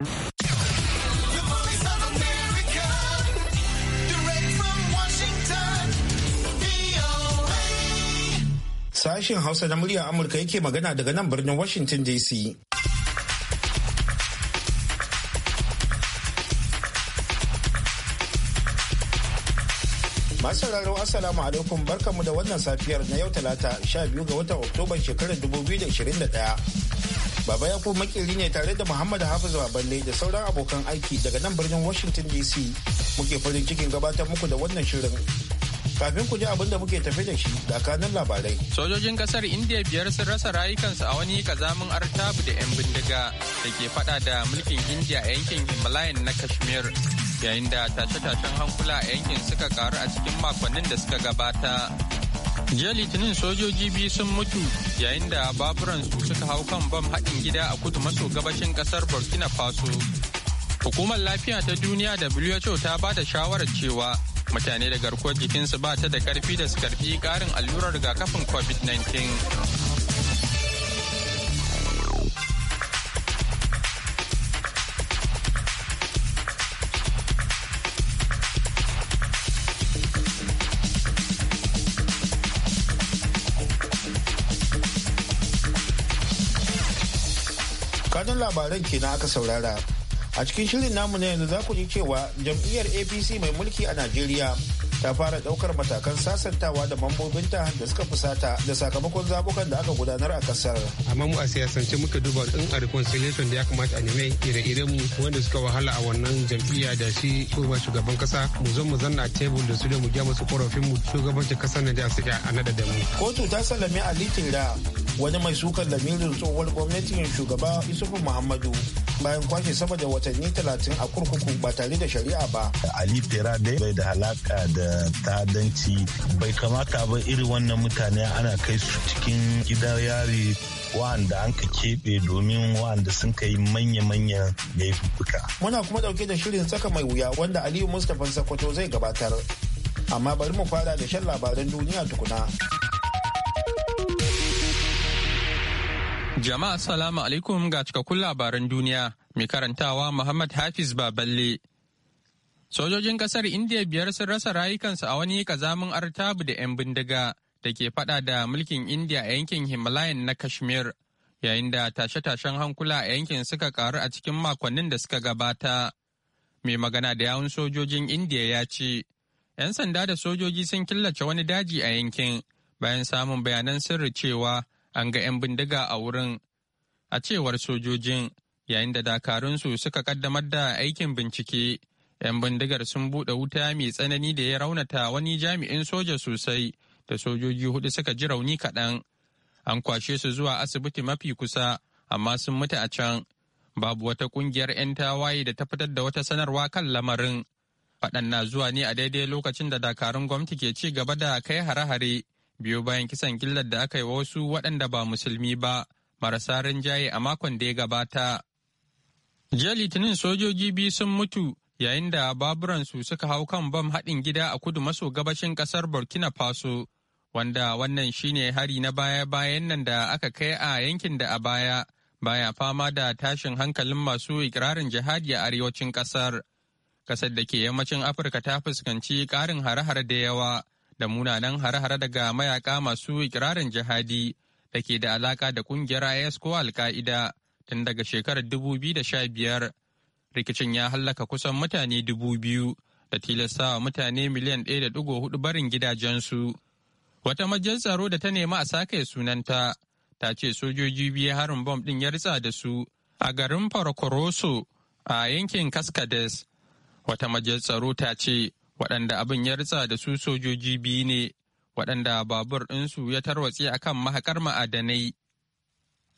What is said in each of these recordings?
Sashen Hausa na muryar Amurka yake magana daga nan birnin Washington DC. Masararru Assalamu alaikum barkanmu da wannan safiyar na yau talata 12 ga watan Oktoba shekarar 2021. Baba ya ko makiri ne tare da Muhammad Hafiz Baballe da sauran abokan aiki daga nan birnin Washington DC muke farin cikin gabatar muku da wannan shirin. Kafin ku ji abin da muke tafi da shi da kanin labarai. Sojojin kasar India biyar sun rasa rayukansu a wani kazamin artabu da 'yan bindiga da ke fada da mulkin India a yankin Himalayan na Kashmir. Yayin da tace tashen hankula a yankin suka karu a cikin makonnin da suka gabata. jiya litinin sojoji biyu sun mutu yayin da baburan su suka hau kan bam haɗin gida a kudu maso gabashin ƙasar burkina faso hukumar lafiya ta duniya who ta ba da shawarar cewa mutane da garkuwar jikinsu ba ta da ƙarfi da su karɓi ƙarin allurar rigakafin covid-19 labaran na aka saurara. A cikin shirin namu na yanzu za ku ji cewa jam'iyyar APC mai mulki a Najeriya ta fara daukar matakan sasantawa da mambobinta da suka fusata da sakamakon zabukan da aka gudanar a kasar. Amma mu a siyasance muka duba in a reconciliation da ya kamata a nemi ire-iren mu wanda suka wahala a wannan jam'iyya da shi kuma shugaban kasa mu zo mu zanna a tebul da su da mu gya musu korafin mu shugabancin kasar da su a nada da mu. Kotu ta sallame litin da. wani mai sukar lamirin tsohuwar gwamnatin shugaba isufu muhammadu bayan kwashe sama da watanni talatin a kurkuku ba tare da shari'a ba. Ali Tera dai bai da halaka da ta'addanci bai kamata ba irin wannan mutane ana kai su cikin gidan yari wa'anda an ka keɓe domin wa'anda sun kai manya-manyan laifuka. Muna kuma ɗauke da shirin saka mai wuya wanda Aliyu Mustapha Sakwato zai gabatar. Amma bari mu fara da shan labaran duniya tukuna. Jama'a salamu alaikum ga cikakkun labaran duniya mai karantawa Muhammad Hafiz Baballe. Sojojin kasar India biyar sun rasa rayukansu a wani kazamin artabu da 'yan bindiga da ke fada da mulkin India a yankin Himalayan na Kashmir, yayin da tashe-tashen hankula a yankin suka karu a cikin makonnin da suka gabata. Mai magana da yawun sojojin India ya ce, 'yan sanda da sojoji sun killace wani daji a yankin bayan samun bayanan sirri cewa an ga 'yan bindiga a wurin a cewar sojojin yayin da dakarunsu suka kaddamar da aikin bincike 'yan bindigar sun buɗe wuta mai tsanani da ya raunata wani jami'in soja sosai da sojoji hudu suka ji rauni kaɗan an kwashe su zuwa asibiti mafi kusa amma sun mutu a can babu wata ƙungiyar 'yan tawaye da ta fitar da wata sanarwa kan lamarin faɗan na zuwa ne a daidai lokacin da dakarun gwamnati ke ci gaba da kai hare-hare biyo bayan kisan gillar da aka yi wa wasu waɗanda ba musulmi ba marasa rinjaye a makon da ya gabata. Jiya Litinin sojoji biyu sun mutu yayin da baburansu suka hau kan bam haɗin gida a kudu maso gabashin ƙasar Burkina Faso, wanda wannan shine hari na baya-bayan nan da aka kai a yankin da a baya baya fama da tashin hankalin masu ikirarin jihadi a arewacin ƙasar. Ƙasar da ke yammacin Afirka ta fuskanci ƙarin hare-hare da yawa. da munanan hare-hare daga mayaka masu ikirarin jihadi da ke da alaka da kungiyar IS ko al tun daga shekarar 2015. Rikicin ya hallaka kusan mutane dubu biyu da tilastawa mutane miliyan 1.4 barin gidajensu. Wata majiyar tsaro da ta nemi a sake sunanta ta ce sojoji biyu harin bom ɗin ya ritsa da su a garin Farakoroso a yankin Kaskades. Wata majiyar tsaro ta ce waɗanda abin ya ritsa da su sojoji biyu ne waɗanda babur ɗinsu ya tarwatse kan mahaƙar ma'adanai.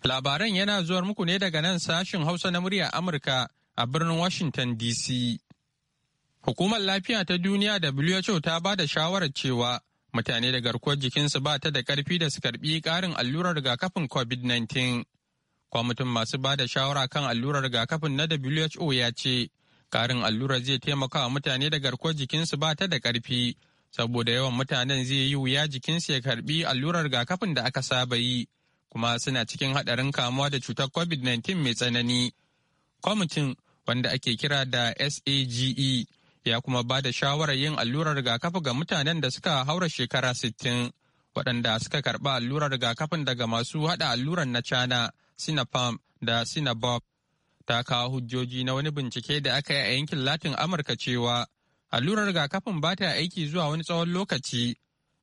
Labaran yana zuwar muku ne daga nan sashin Hausa na murya Amurka a birnin Washington DC. Hukumar lafiya ta duniya da WHO ta ba da shawarar cewa mutane da garkuwar jikinsu ba ta da ƙarfi da su karɓi ƙarin allurar rigakafin COVID-19. Kwamitin masu ba da shawara kan allurar rigakafin na WHO ya ce Karin allurar zai taimaka wa mutane da garkuwar jikinsu ba ta da ƙarfi, saboda yawan mutanen zai yi wuya jikinsu ya karbi allurar rigakafin da aka saba yi, kuma suna cikin haɗarin kamuwa da cutar COVID-19 mai tsanani. Kwamitin wanda ake kira da SAGE ya kuma ba da shawarar yin allurar rigakafi ga mutanen da suka haura shekara 60 waɗanda suka karɓa allurar rigakafin daga masu haɗa allurar na China, Sinopharm da Sinobob ta kawo hujjoji na wani bincike da aka yi a yankin latin amurka cewa allurar rigakafin ba ta aiki zuwa wani tsawon lokaci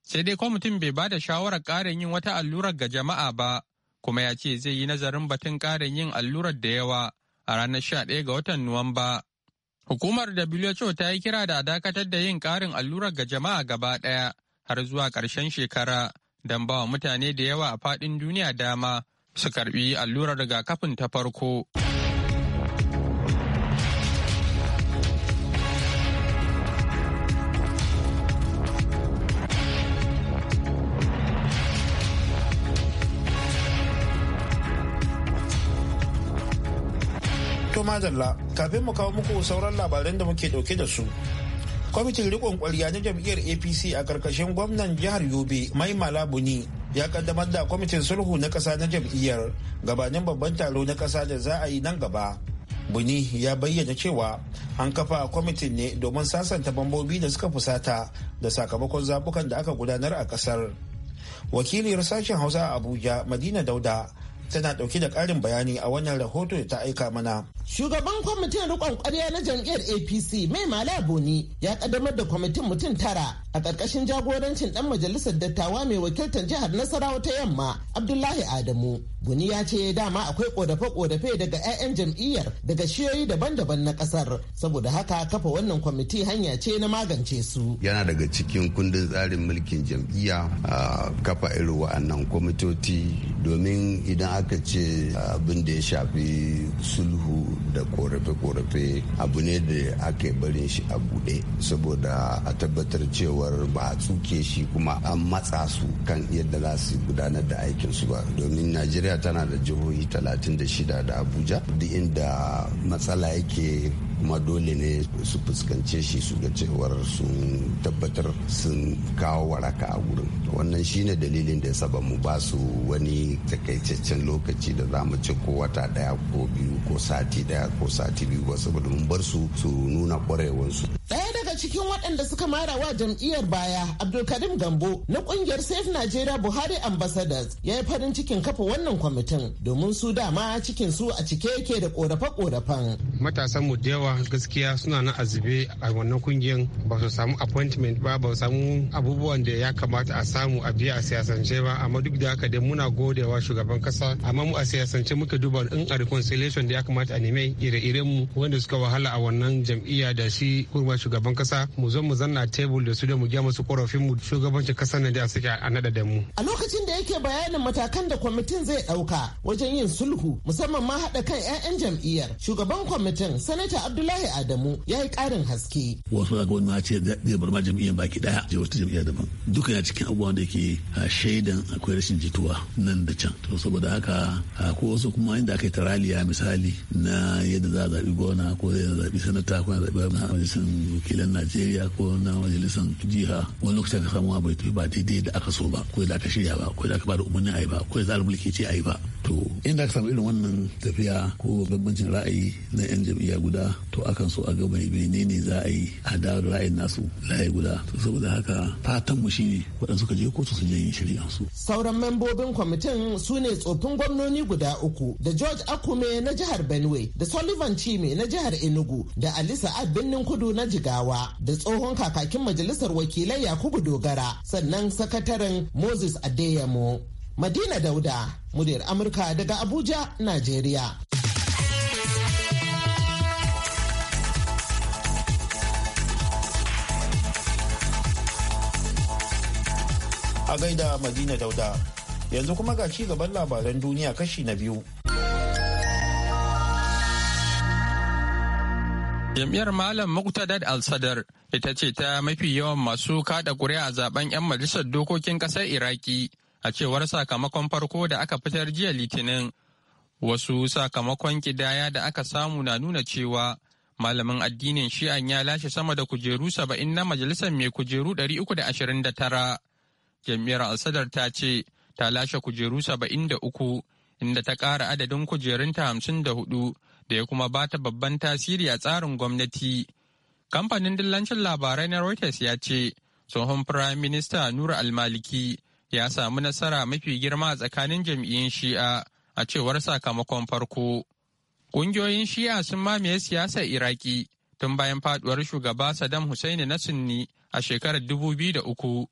sai dai kwamitin bai ba da shawarar ƙarin yin wata allurar ga jama'a ba kuma ya ce zai yi nazarin batun ƙarin yin allurar da yawa a ranar sha 11 ga watan nuwamba hukumar who ta yi kira da dakatar da yin ƙarin allurar ga jama'a gaba ɗaya har zuwa ƙarshen shekara don ba wa mutane da yawa a faɗin duniya dama su karɓi allurar rigakafin ta farko. madalla kafin mu kawo muku sauran labaran da muke dauke da su. Kwamitin rikon kwarya na jam'iyyar APC a karkashin gwamnan jihar Yobe Mai Malabuni ya kaddamar da kwamitin sulhu na ƙasa na jam'iyyar gabanin babban taro na ƙasa da za a yi nan gaba. Buni ya bayyana cewa an kafa kwamitin ne domin sasanta bambobi da suka fusata da sakamakon zabukan da aka gudanar a ƙasar Wakiliyar sashen Hausa a Abuja Madina Dauda tana dauke da karin bayani a wannan rahoto da ta aika mana. Shugaban kwamitin rikon kwarya na jam'iyyar APC mai mala boni ya kaddamar da kwamitin mutum tara a ƙarƙashin jagorancin ɗan majalisar dattawa mai wakiltar jihar Nasarawa ta yamma Abdullahi Adamu. Guni ya ce dama akwai ƙodafe-ƙodafe daga 'ya'yan jam'iyyar daga shiyoyi daban-daban na ƙasar saboda haka kafa wannan kwamiti hanya ce na magance su. Yana daga cikin kundin tsarin mulkin jam'iyya a kafa irin wa'annan kwamitoci domin idan aka ce abin da ya shafi sulhu da ƙorafe ƙorafe abu ne da ake barin shi a buɗe saboda a tabbatar cewa cewar ba a tsuke shi kuma an matsa su kan yadda za su gudanar da aikinsu ba domin najeriya tana da jihohi 36 da abuja duk inda matsala yake kuma dole ne su fuskance shi su ga cewar sun tabbatar sun kawo waraka a gurin wannan shine dalilin da ya saba mu ba su wani takaitaccen lokaci da za mu ci ko wata daya ko biyu ko sati daya ko sati biyu ba saboda mun bar su su nuna kwarewansu daya daga cikin waɗanda suka mara wa jam'iyyar baya abdulkarim gambo na kungiyar safe najeriya buhari ambassadors ya yi farin cikin kafa wannan kwamitin domin su dama cikin su a cike yake da korafe-korafen matasan mu da yawa gaskiya suna na azube a wannan kungiyar ba su samu appointment ba ba su samu abubuwan da ya kamata a samu a biya a siyasance ba amma duk da haka dai muna godewa shugaban kasa amma mu a siyasance muka duba in a reconciliation da ya kamata a neme ire-iren mu wanda suka wahala a wannan jam'iyya da shi kurma shugaban kasa mu zo mu zanna tebul da su da mu gya musu korafin mu shugabancin kasar nan da suke a nada da mu a lokacin da yake bayanin matakan da kwamitin zai dauka wajen yin sulhu musamman ma haɗa kan 'ya'yan jam'iyyar shugaban kwamitin kwamitin sanata abdullahi adamu ya yi karin haske wasu ga wani ma ce zai bar ma jam'iyyar baki daya je wata jam'iyyar daban duka ya cikin abubuwan da ke shaidan akwai rashin jituwa nan da can to saboda haka ko wasu kuma inda aka yi taraliya misali na yadda za a zaɓi gona ko zai zaɓi sanata ko zaɓi na majalisar wakilan najeriya ko na majalisar jiha wani lokacin ka samu ba daidai da aka so ba ko da aka shirya ba ko da aka ba da umarni a yi ba ko da za a mulki ce a yi ba to inda aka samu irin wannan tafiya ko bambancin ra'ayi na yan jam'iyya guda to akan so a ga mai menene za a yi a da ra'ayin nasu layi guda to saboda haka fatan mu shine waɗansu ka je kotu su janye shari'an su sauran membobin kwamitin su ne tsofin gwamnoni guda uku da George Akume na jihar Benue da Sullivan Chime na jihar Enugu da Ali Sa'ad Binnin Kudu na Jigawa da tsohon kakakin majalisar wakilai Yakubu Dogara sannan sakataren Moses Adeyemo Madina Dauda, muryar Amurka daga Abuja, Najeriya. A gaida Madina Dauda, yanzu kuma ga ci gaban labaran duniya kashi na biyu. Jam'iyyar Malam Muqtadad Al-Sadar ita ce ta mafi yawan masu kada ƙuri'a zaben 'yan majalisar dokokin ƙasar Iraki. a cewar sakamakon farko da aka fitar jiya litinin wasu sakamakon kidaya da aka samu na nuna cewa malamin addinin shi'an ya lashe sama da kujeru saba'in na majalisar mai kujeru 329 jam'iyyar al-sadar ta ce ta lashe kujeru 73 inda ta ƙara adadin kujerunta hamsin da da ya kuma ba ta babban tasiri a tsarin gwamnati kamfanin dillancin labarai na reuters ya ce tsohon firayim minista nura almaliki ya samu nasara mafi girma a tsakanin jam'iyyun shi'a a cewar sakamakon farko. Ƙungiyoyin shi'a sun mamaye siyasar Iraki tun bayan faduwar shugaba Saddam Hussein na Sunni a shekarar uku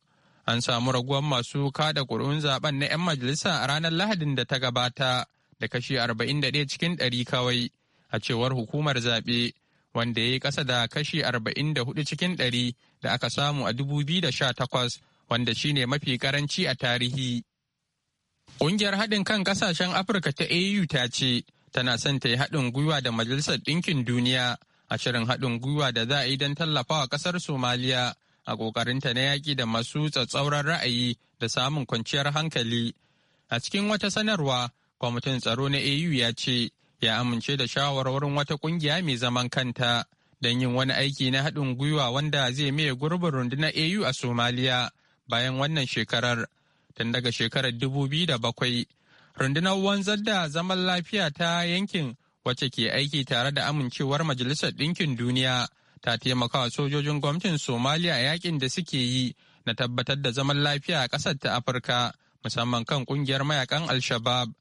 An samu raguwar masu kada ƙuri'un zaben na 'yan majalisa a ranar Lahadin da ta gabata da kashi 41 cikin 100 kawai a cewar hukumar zaɓe wanda ya yi ƙasa da kashi 44 cikin 100 da aka samu a 2018 wanda shine mafi karanci a tarihi. Ƙungiyar haɗin kan ƙasashen Afirka ta AU ta ce tana son ta yi haɗin gwiwa da Majalisar Ɗinkin Duniya a shirin haɗin gwiwa da za a yi don tallafa tallafawa ƙasar Somaliya a ƙoƙarinta na yaƙi da masu tsatsauran ra'ayi da samun kwanciyar hankali. A cikin wata sanarwa, kwamitin tsaro na AU ya ce ya amince da shawarwarin wata ƙungiya mai zaman kanta don yin wani aiki na haɗin gwiwa wanda zai maye gurbin rundunar AU a Somaliya bayan wannan shekarar tun daga shekarar 2007 rundunar wanzar da zaman lafiya ta yankin wacce ke aiki tare da amincewar majalisar ɗinkin duniya ta taimakawa sojojin gwamnatin somaliya a yakin da suke yi na tabbatar da zaman lafiya a ƙasar ta afirka musamman kan ƙungiyar mayakan alshabab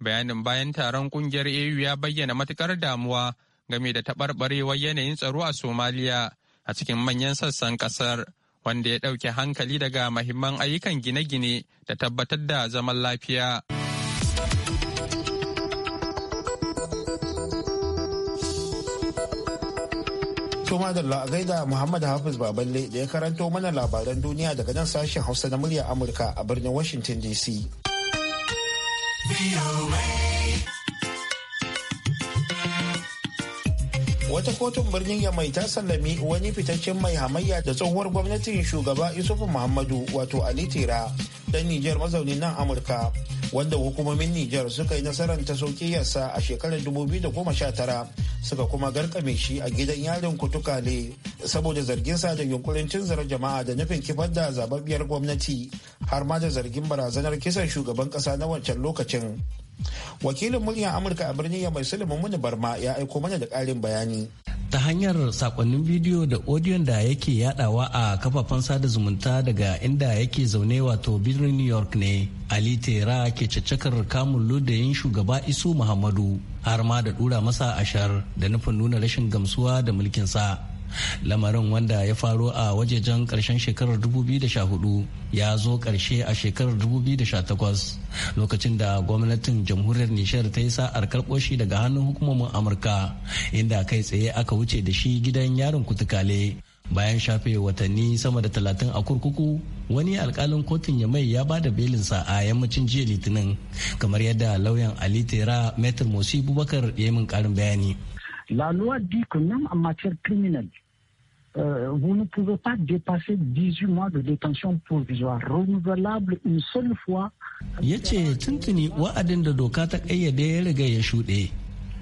bayanin bayan taron ƙungiyar au ya bayyana matuƙar damuwa game da taɓarɓarewar yanayin tsaro a somaliya a cikin manyan sassan ƙasar. wanda ya ɗauke hankali daga mahimman ayyukan gine-gine da tabbatar da zaman lafiya. Tuma da gaida Muhammad Hafiz Baballe da ya karanto mana labaran duniya daga nan sashen Hausa na murya Amurka a birnin Washington DC. wata kotun birnin yamai ta sallami wani fitaccen mai hamayya da tsohuwar gwamnatin shugaba yusufu muhammadu wato ali tera dan nijar mazaunin nan amurka wanda hukumomin nijar suka yi nasarar ta sauke yasa a shekarar 2019 suka kuma garkame shi a gidan yarin kutukale saboda zargin sa da yunkurin cin zarar jama'a da nufin kifar da zababbiyar gwamnati har ma da zargin barazanar kisan shugaban kasa na wancan lokacin wakilin muryar amurka a birnin yamai sulaiman muni barma ya aiko mana da ƙarin bayani ta hanyar sakonnin bidiyo da odiyon da yake yadawa a kafafen sada zumunta daga inda yake zaune wato birnin new york ne ali tera ke caccakar kamun ludayin shugaba isu muhammadu har ma da dura masa ashar da nufin nuna rashin gamsuwa da mulkinsa lamarin wanda ya faru a wajejen ƙarshen shekarar 2014 ya zo karshe a shekarar 2018 lokacin da gwamnatin jamhuriyar nishar ta yi sa'ar karɓo shi daga hannun hukumomin amurka inda kai tsaye aka wuce da shi gidan yarin kutukale bayan shafe watanni sama da talatin a kurkuku wani alkalin kotun ya mai ya ba da belinsa a yammacin jiya litinin kamar yadda lauyan ali tera metal musi bubakar ya min karin bayani la loi dit que même euh, vous ne pouvez pas dépasser 18 mois de détention provisoire renouvelable une seule fois. Ya ce tuntuni wa'adin da doka ta ƙayyade ya riga ya shuɗe,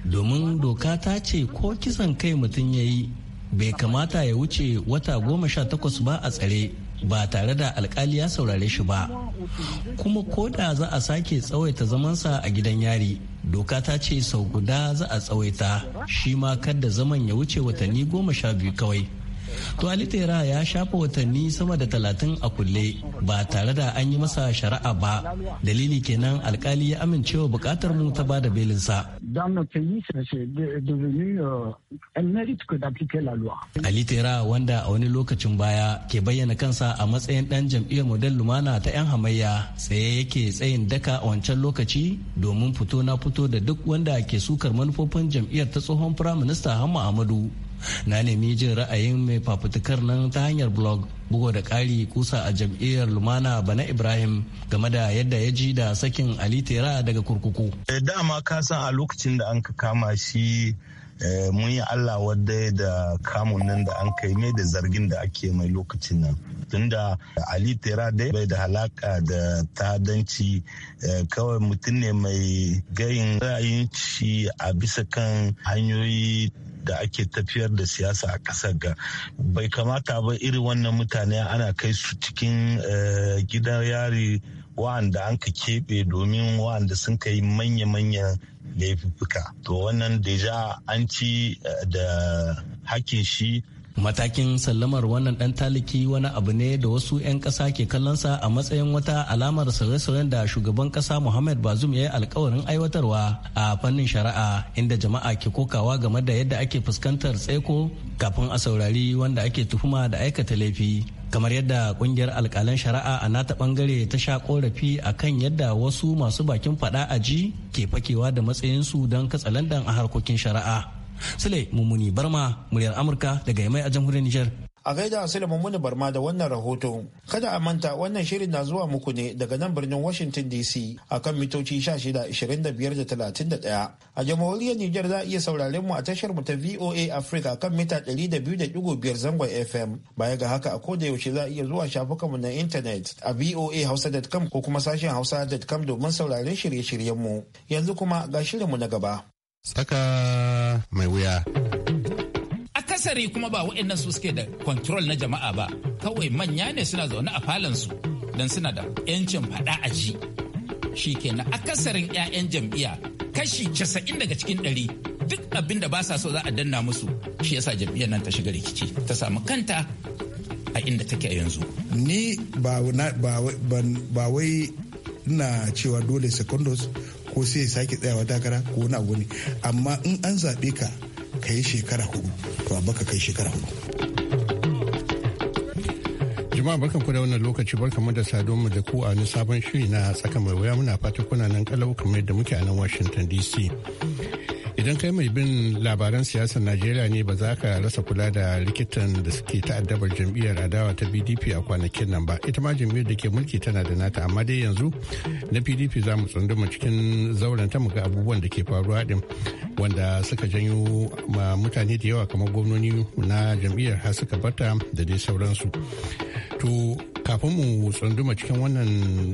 domin doka ta ce ko kisan kai mutum ya yi bai kamata ya wuce wata goma sha takwas ba a tsare ba tare da alkali ya saurare shi ba. Kuma ko da za a sake tsawaita zamansa a gidan yari. doka ta ce sau guda za a tsawaita shi ma kadda zaman ya wuce watanni goma sha biyu kawai to ali tera ya shafa watanni sama da talatin a kulle ba tare da an yi masa shari'a ba dalili kenan alkali ya amincewa bukatar mu ta bada belinsa ali euh, tera wanda a wani lokacin baya ke bayyana kansa a matsayin dan jam'iyyar model lumana ta 'yan hamayya sai yake tsayin daka a wancan lokaci domin fito na fito da duk wanda ke sukar manufofin jam'iyyar ta tsohon firaminista hamma amadu na nemi jin ra'ayin mai fafutukar nan ta hanyar blog bugu da ƙari kusa a jam'iyyar lumana bana ibrahim game da yadda ya ji da sakin ali tera daga kurkuku eh, dama ka san a lokacin da an ka kama shi Eh, mun yi allah wadda da kamun nan da an kai mai da zargin da ake mai lokacin nan tunda ali tera dai bai da halaka da ta'addanci eh, kawai mutum ne mai gayin ra'ayin shi a bisa kan hanyoyi da ake tafiyar da siyasa a ƙasar ga bai kamata ba irin wannan mutane ana kai su cikin eh, gidan yari wa'anda an ka keɓe domin wa'anda sun kai manya-manyan laifuka to wannan deja an ci eh, da hakin shi matakin sallamar wannan dan taliki wani abu ne da wasu 'yan kasa ke kallonsa a matsayin wata alamar sauye-sauyen da shugaban kasa muhammad bazum ya yi alkawarin aiwatarwa a fannin shari'a inda jama'a ke kokawa game da yadda ake fuskantar tseko kafin a saurari wanda ake tuhuma da aikata laifi kamar yadda kungiyar alkalan shari'a a nata bangare ta sha korafi a kan yadda wasu masu bakin fada a ji ke fakewa da matsayinsu don katsalandan a harkokin shari'a sule mummuni barma muryar amurka daga yamai a jamhuriyar nijar. A gaida Sulaiman Muni Barma da wannan rahoto. Kada a manta wannan shirin na zuwa muku ne daga nan birnin Washington DC akan mitoci 16, da 31. A jamhuriyar Nijar za a iya sauraren mu a tashar mu ta VOA Africa kan mita 200.5 zangon FM. Baya ga haka a koda yaushe za a iya zuwa shafukan mu na intanet a hausa.com ko kuma sashen hausa.com domin sauraren shirye-shiryen mu. Yanzu kuma ga shirin mu na gaba. Saka mai wuya. akasari kuma ba waɗannan su suke da control na jama'a ba kawai manya ne suna zaune a falansu don suna da 'yancin faɗa a ji shi kenan akasarin 'ya'yan jam'iyya kashi casa'in daga cikin ɗari duk abin da ba sa so za a danna musu shi yasa jam'iyyar nan ta shiga rikici ta samu kanta a inda take a yanzu ni ba wai na cewa dole secondos ko sai sake tsayawa takara ko wani abu amma in an zaɓe ka ka yi shekara hudu to baka kai shekara hudu jama'a barkan ku da wannan lokaci mu da saduwar mu da ku a wani sabon shiri na tsaka mai wuya muna fata kuna nan kalau kamar yadda muke a nan Washington DC. idan kai mai bin labaran siyasar najeriya ne ba za ka rasa kula da likitan da suke ta'addabar jam'iyyar adawa ta pdp a kwanakin nan ba ita ma jam'iyyar da ke mulki tana da nata amma dai yanzu na pdp za mu tsunduma cikin zauren ta muga abubuwan da ke faruwa din wanda suka janyo ma mutane da yawa kamar gwamnoni na jam'iyyar har suka bata da dai sauransu to kafin mu tsunduma cikin wannan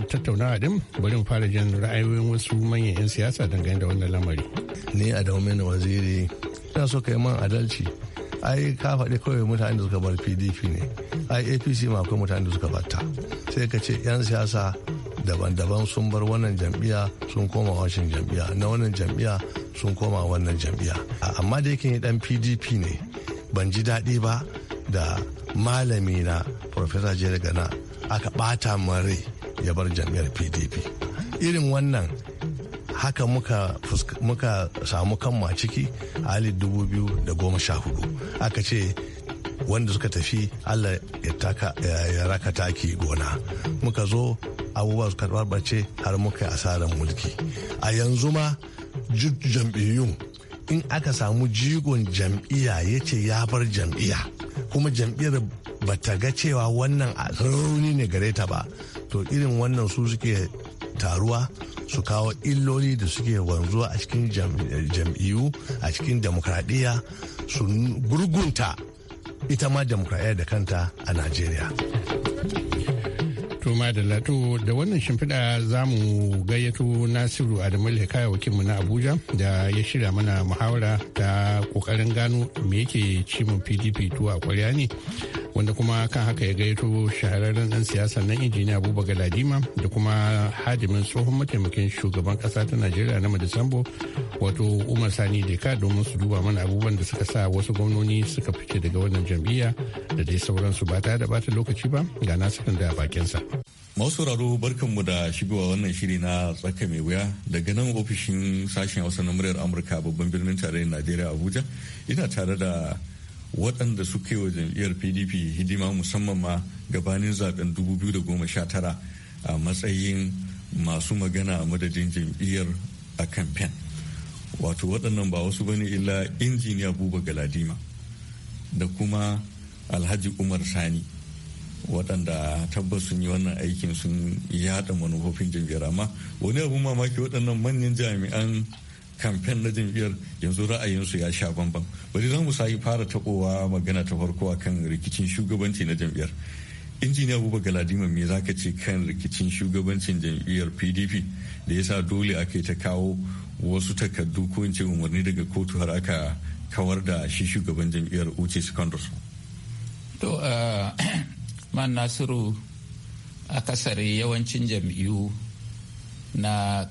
tattaunawa din bari mu fara jan ra'ayoyin wasu manyan 'yan siyasa dangane da wannan lamari ni a domin waziri ina so ka yi man adalci ai ka faɗi kawai mutane da suka bar pdp ne ai apc ma akwai mutane da suka batta sai ka ce 'yan siyasa daban-daban sun bar wannan jam'iyya sun koma washin jam'iyya na wannan jam'iyya sun koma wannan jam'iyya amma da yake dan pdp ne ban ji daɗi ba da malami na Profesa jere na aka bata rai ya bar jam'iyyar pdp irin wannan haka muka, samu kanmu a ciki a sha hudu aka ce wanda suka tafi allah ya raka taki gona muka zo abubuwa suka barbace har muka yi asarar mulki a yanzu ma jam'iyyun in aka samu jigon jam'iyya ya ce ya bar jam'iyya kuma jam'iyyar ba ta ga cewa wannan rauni ne gare ta ba to irin wannan su suke taruwa su kawo illoli da suke wanzuwa a cikin jam'iyyu a cikin demokradiyya su gurgunta ita ma demokradiyya da kanta a najeriya To da lato da wannan shimfiɗa za mu gayyato Nasiru Adamu Lekaya wakilinmu na Abuja da ya shirya mana muhawara ta kokarin gano me yake cimin PDP tuwa kwarya ne wanda kuma kan haka ya gaito shahararren dan siyasa nan injiniya abubakar galadima da kuma hadimin tsohon mataimakin shugaban kasa ta najeriya na madisambo wato umar sani deka domin su duba mana abubuwan da suka sa wasu gwamnoni suka fice daga wannan jam'iyya da dai sauransu ba ta da bata lokaci ba ga nasirin da bakinsa raro barkanmu da shigowa wannan shiri na tsaka mai wuya daga nan ofishin sashen hausa na muryar amurka babban birnin tarayyar najeriya abuja ina tare da waɗanda suke wa jam'iyyar pdp hidima musamman ma gabanin zaben 2019 a matsayin masu magana a madadin jam'iyyar a kamfen wato waɗannan ba wasu bane illa injiniya buba galadima da kuma alhaji umar sani waɗanda tabbas sun yi wannan aikin sun yada manufofin jam'iyyar amma wani abun mamaki waɗannan manyan jami'an kamfen na jam'iyyar yanzu ra'ayinsu ya sha bambam bari za mu sayi fara taɓowa magana ta farko a kan rikicin shugabanci na jam'iyyar injiniya buba galadima me za ka ce kan rikicin shugabancin jam'iyyar pdp da ya sa dole ake ta kawo wasu takardu ko in ce umarni daga kotu har aka kawar da shi shugaban jam'iyyar uce secondus to man nasiru akasari yawancin jam'iyyu na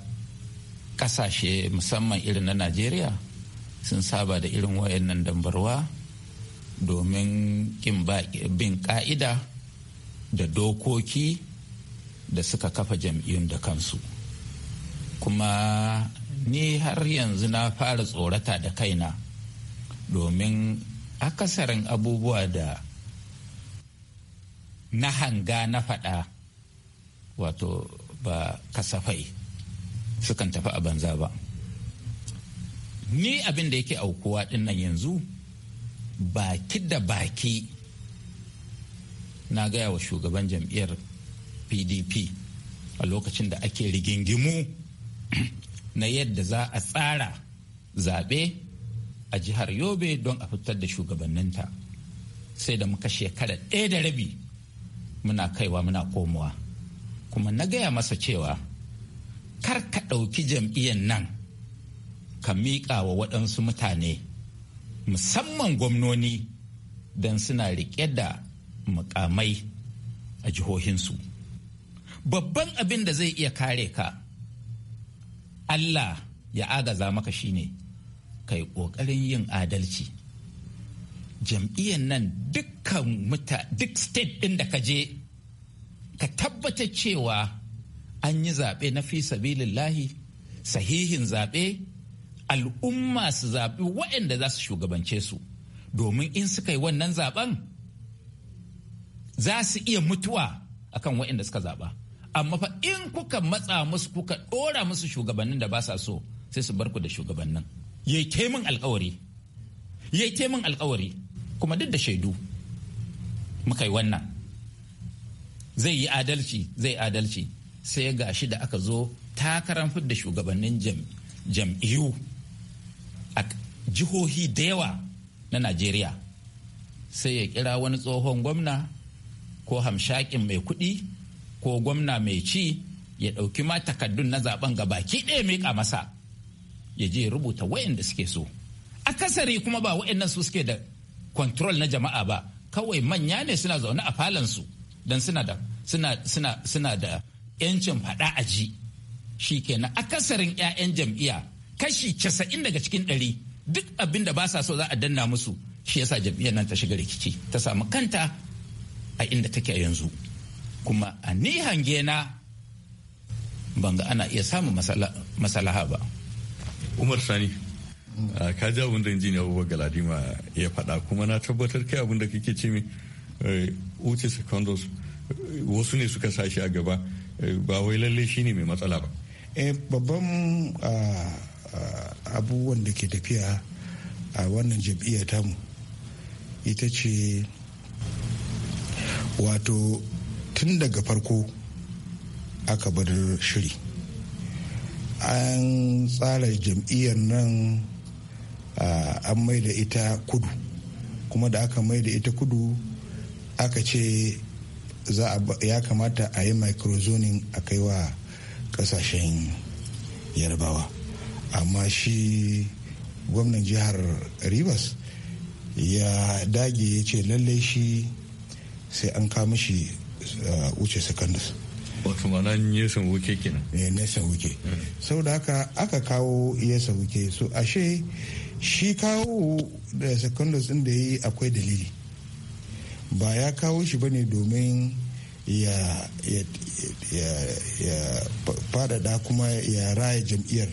kasashe musamman irin na najeriya sun saba da irin wayannan dambarwa domin bin ka'ida da dokoki da suka kafa jam'iyyun da kansu kuma ni har yanzu na fara tsorata da kaina domin akasarin abubuwa da na hanga na faɗa wato ba kasafai sukan tafi a banza ba ni abin da yake aukuwa dinnan yanzu baki da baki na gaya wa shugaban jam'iyyar pdp a lokacin da ake rigingimu na yadda za a tsara zaɓe a jihar yobe don a fitar da shugabanninta sai da muka shekara ɗaya da rabi muna kaiwa muna komowa kuma na gaya masa cewa kar ka ɗauki jam'iyyar nan ka miƙa wa waɗansu mutane musamman gwamnoni don suna riƙe da mukamai a jihohinsu babban abin da zai iya kare ka Allah ya agaza maka shine kai ƙoƙarin yin adalci jam'iyyar nan dukkan muta duk state ɗin da ka je ka tabbatar cewa an yi zaɓe na fi sabilillahi sahihin zaɓe al'umma su zaɓi waɗanda za su shugabance su domin in suka yi wannan zaɓen za su iya mutuwa akan waɗanda suka zaɓa amma fa in kuka matsa musu kuka ɗora musu shugabannin da ba sa so sai su bar ku da shugabannin ya ke min alkawari ya ke min alkawari kuma duk da shaidu muka yi wannan zai yi adalci zai adalci sai ga shi da aka zo takarar da shugabannin jam'iyyu a jihohi da yawa na najeriya sai ya kira wani tsohon gwamna ko hamshakin mai kuɗi ko gwamna mai ci ya ɗauki ma takaddun na zaben ga baki ɗaya mai masa ya je rubuta wayanda suke so akasari kuma ba nan su suke da control na jama'a ba kawai manya ne suna zaune a falansu don da suna da 'yancin faɗa a ji shi kenan akasarin 'ya'yan jam'iyya kashi casa'in daga cikin ɗari duk abin da ba sa so za a danna musu shi yasa jam'iyyar nan ta shiga rikici ta samu kanta a inda take yanzu kuma a ni hange ban ga ana iya samun masalaha ba umar sani ka ji abin da injiniya abubakar galadima ya faɗa kuma na tabbatar kai abin da kake ce mai wuce eh, secondos wasu ne suka sashi a gaba ba wai lalle shine mai matsala ba eh, babban ah, ah, abubuwan da ke tafiya a wannan jam'iyyar tamu ita ce wato tun daga farko aka bar shiri an tsara jam'iyyar nan ah, an mai da ita kudu kuma da aka mai da ita kudu aka ce ya kamata a yi microzoning a kai wa kasashen yarbawa amma shi gwamnan jihar rivers ya dage ya ce lallai shi sai an kama shi uh, wuce secondus wato mana nesa wuke kenan ne eh, nesan wuke hmm. saboda haka aka kawo yesan wuke so ashe shi kawo da secondus din da yi akwai dalili ba ya kawo shi ba ne domin ya faɗaɗa kuma ya raya jam'iyyar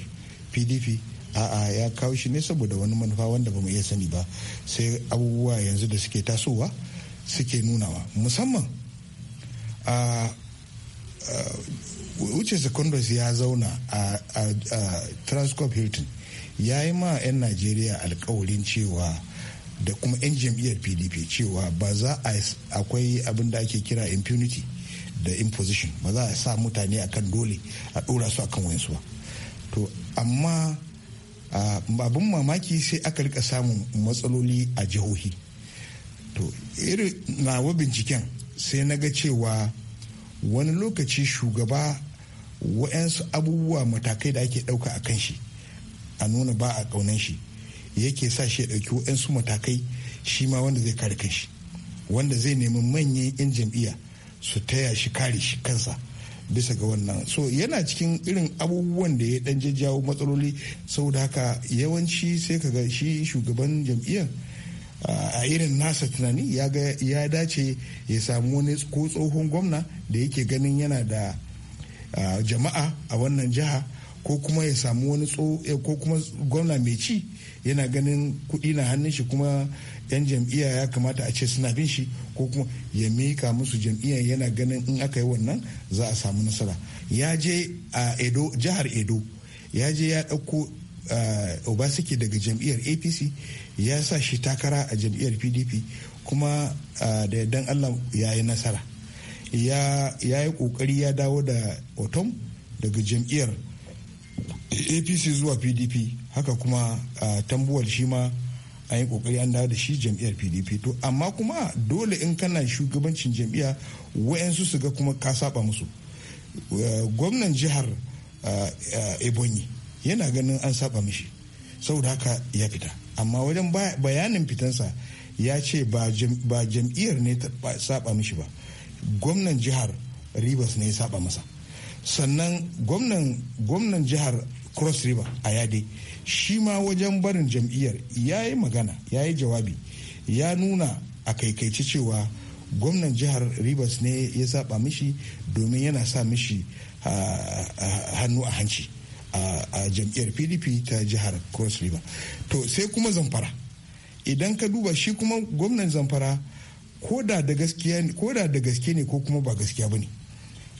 pdp a'a ya kawo shi ne saboda wani manufa wanda ba mu iya sani ba sai abubuwa yanzu da suke tasowa suke nunawa musamman a wuce secondaries ya zauna a transcorp hilton ya yi ma 'yan najeriya alkawarin cewa da kuma 'yan jam'iyyar pdp cewa ba za a akwai abin da ake kira impunity da imposition ba za a sa mutane a kan dole a ɗora su a kan wayansu ba to amma abin mamaki sai aka rika samun matsaloli a jihohi to irin nawa binciken sai na ga cewa wani lokaci shugaba wa'yansu abubuwa matakai da ake ɗauka a kan shi a nuna ba a ƙaunan shi yake sa shi ya ɗauki waɗansu matakai shi ma wanda zai kare kanshi wanda zai nemi manyan 'yan jam'iyya su taya shi kare shi kansa bisa ga wannan so yana cikin irin abubuwan da ya dan jajjawo matsaloli saboda haka yawanci sai ka ga shi shugaban jam'iyyar a irin nasa tunani ya ya dace ya samu wani ko tsohon gwamna da yake ganin yana da jama'a a wannan jiha ko kuma ya samu wani eh, ko kuma gwamna mai ci yana ganin kuɗi na hannun shi kuma yan jam'iyya ya kamata a ce suna bin shi ko kuma ya mika musu jam'iyya yana ganin in aka yi wannan za a samu nasara ya je a edo jihar edo ya je ya ɗauko obasiki daga jam'iyyar apc ya sa shi takara a jam'iyyar pdp kuma da yardan allah ya yi nasara ya yi kokari ya dawo da otom daga jam'iyyar apc zuwa pdp haka kuma a tambuwar shi ma an yi kokari an dawo da shi jam'iyyar pdp to amma kuma dole in kana shugabancin jam'iyya wayansu su ga kuma ka saba musu gwamnan jihar ebonyi yana ganin an saba mishi saboda haka ya fita amma wajen bayanin fitansa ya ce ba jam'iyyar ne ta saba mishi ba gwamnan jihar rivers ne ya saba masa sannan gwamnan jihar cross river a yade shi ma wajen barin jam'iyyar ya yi magana ya yi jawabi ya nuna a kaikaici cewa gwamnan jihar rivers ne ya saba mishi domin yana sa mishi hannu a hanci a jam'iyyar pdp ta jihar cross river to sai kuma zamfara idan ka duba shi kuma gwamnan zamfara ko da da gaske ne ko kuma ba gaskiya ba ne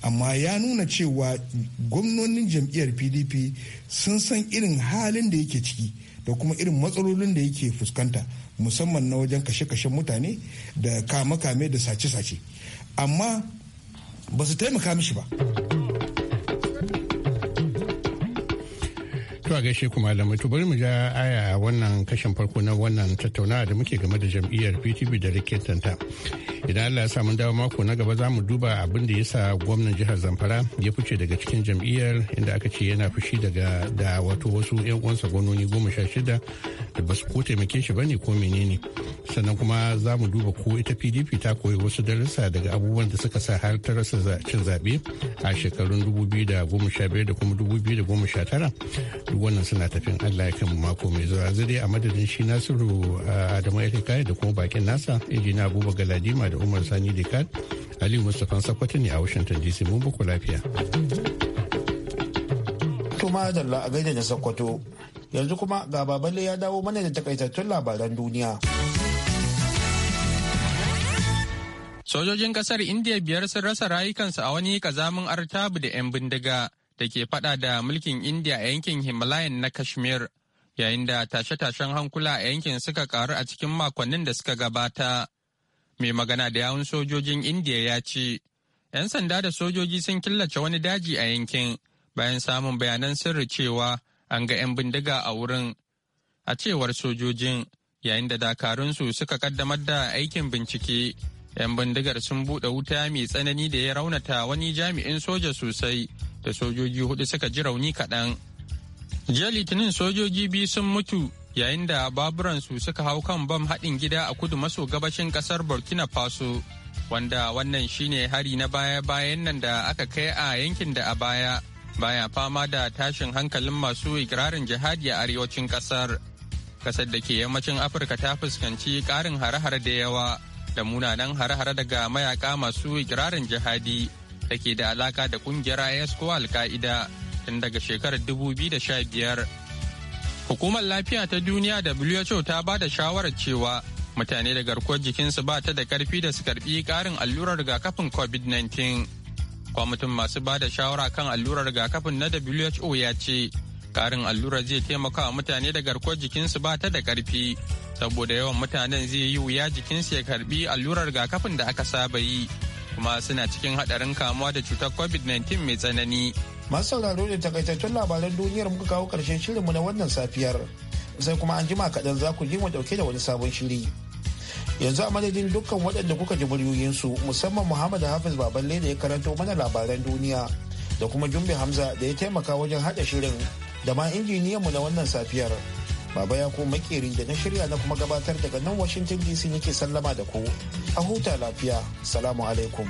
amma ya nuna cewa gwamnonin jam'iyyar pdp sun san irin halin da yake ciki da kuma irin matsalolin da yake fuskanta musamman na wajen kashe-kashen mutane da kame-kame da sace-sace amma ba su taimaka mishi ba. To a gaishe kuma malamai mutu bari mu ja aya a wannan kashin farko na wannan tattaunawa da muke game da jam'iyyar PTP da riketanta. Idan Allah ya sa mun dawo mako na gaba za mu duba abin da ya sa gwamnan jihar Zamfara ya fice daga cikin jam'iyyar inda aka ce yana fushi daga da wato wasu 'yan uwansa gwamnoni goma sha shida da ba su ko taimake shi bane ko menene. Sannan kuma za mu duba ko ita PDP ta koyi wasu darussa daga abubuwan da suka sa har ta rasa cin zaɓe a shekarun 2015 da kuma 2019. wannan suna tafin allah ya kan mako mai zuwa yanzu dai a madadin shi nasiru eh, adamu ya da kuma bakin nasa injina abubuwa galadima da umar sani dikat aliyu mustapha sakwato ne a washington dc mun buku lafiya to a gaida da sakwato yanzu kuma ga baballe ya dawo mana da takaitattun labaran duniya Sojojin kasar Indiya biyar sun rasa rayukansu a wani kazamin artabu da 'yan bindiga da ke fada da mulkin India a yankin Himalayan na Kashmir, yayin da tashe-tashen hankula a yankin suka karu a cikin makonnin da suka gabata. Mai magana da yawun sojojin India ya ce, ‘yan sanda da sojoji sun killace wani daji a yankin bayan samun bayanan sirri cewa an ga ‘yan bindiga a wurin. A cewar sojojin, yayin da dakarunsu suka kaddamar da aikin bincike, 'yan bindigar sun buɗe wuta mai tsanani da ya raunata wani jami'in soja sosai da sojoji hudu suka ji rauni kaɗan. Jiya Litinin sojoji biyu sun mutu yayin da baburansu suka hau kan bam haɗin gida a kudu maso gabashin ƙasar Burkina Faso, wanda wannan shine hari na baya-bayan nan da aka kai a yankin da a baya baya fama da tashin hankalin masu ikirarin jihadi a arewacin ƙasar. Ƙasar da ke yammacin Afirka ta fuskanci ƙarin hare-hare da yawa da munanan hare-hare daga mayaka masu ikirarin jihadi. da ke da alaka da kungiyar IS ko al tun daga shekarar 2015. Hukumar lafiya ta duniya WHO ta ba da shawarar cewa mutane da garkuwar jikinsu ba ta da karfi da su karbi karin allurar rigakafin COVID-19. Kwamitin masu ba da shawara kan allurar rigakafin na WHO ya ce, karin allurar zai taimaka wa mutane da garkuwar jikinsu ba ta da karfi, saboda yawan mutanen zai yi wuya jikinsu ya karbi allurar rigakafin da aka saba yi. kuma suna cikin hadarin kamuwa da cutar covid-19 mai tsanani. Masu sauraro da takaitattun labaran duniyar muka kawo ƙarshen shirinmu na wannan safiyar. Sai kuma an jima kaɗan za ku ji mu ɗauke da wani sabon shiri. Yanzu a madadin dukkan waɗanda kuka ji muryoyinsu musamman Muhammad Hafiz Baballe da ya karanto mana labaran duniya da kuma Jumbe Hamza da ya taimaka wajen haɗa shirin da ma injiniyanmu na wannan safiyar. Baba ya ko makeri da na shirya na kuma gabatar daga nan Washington DC nake sallama da ku. A huta lafiya. Salamu alaikum.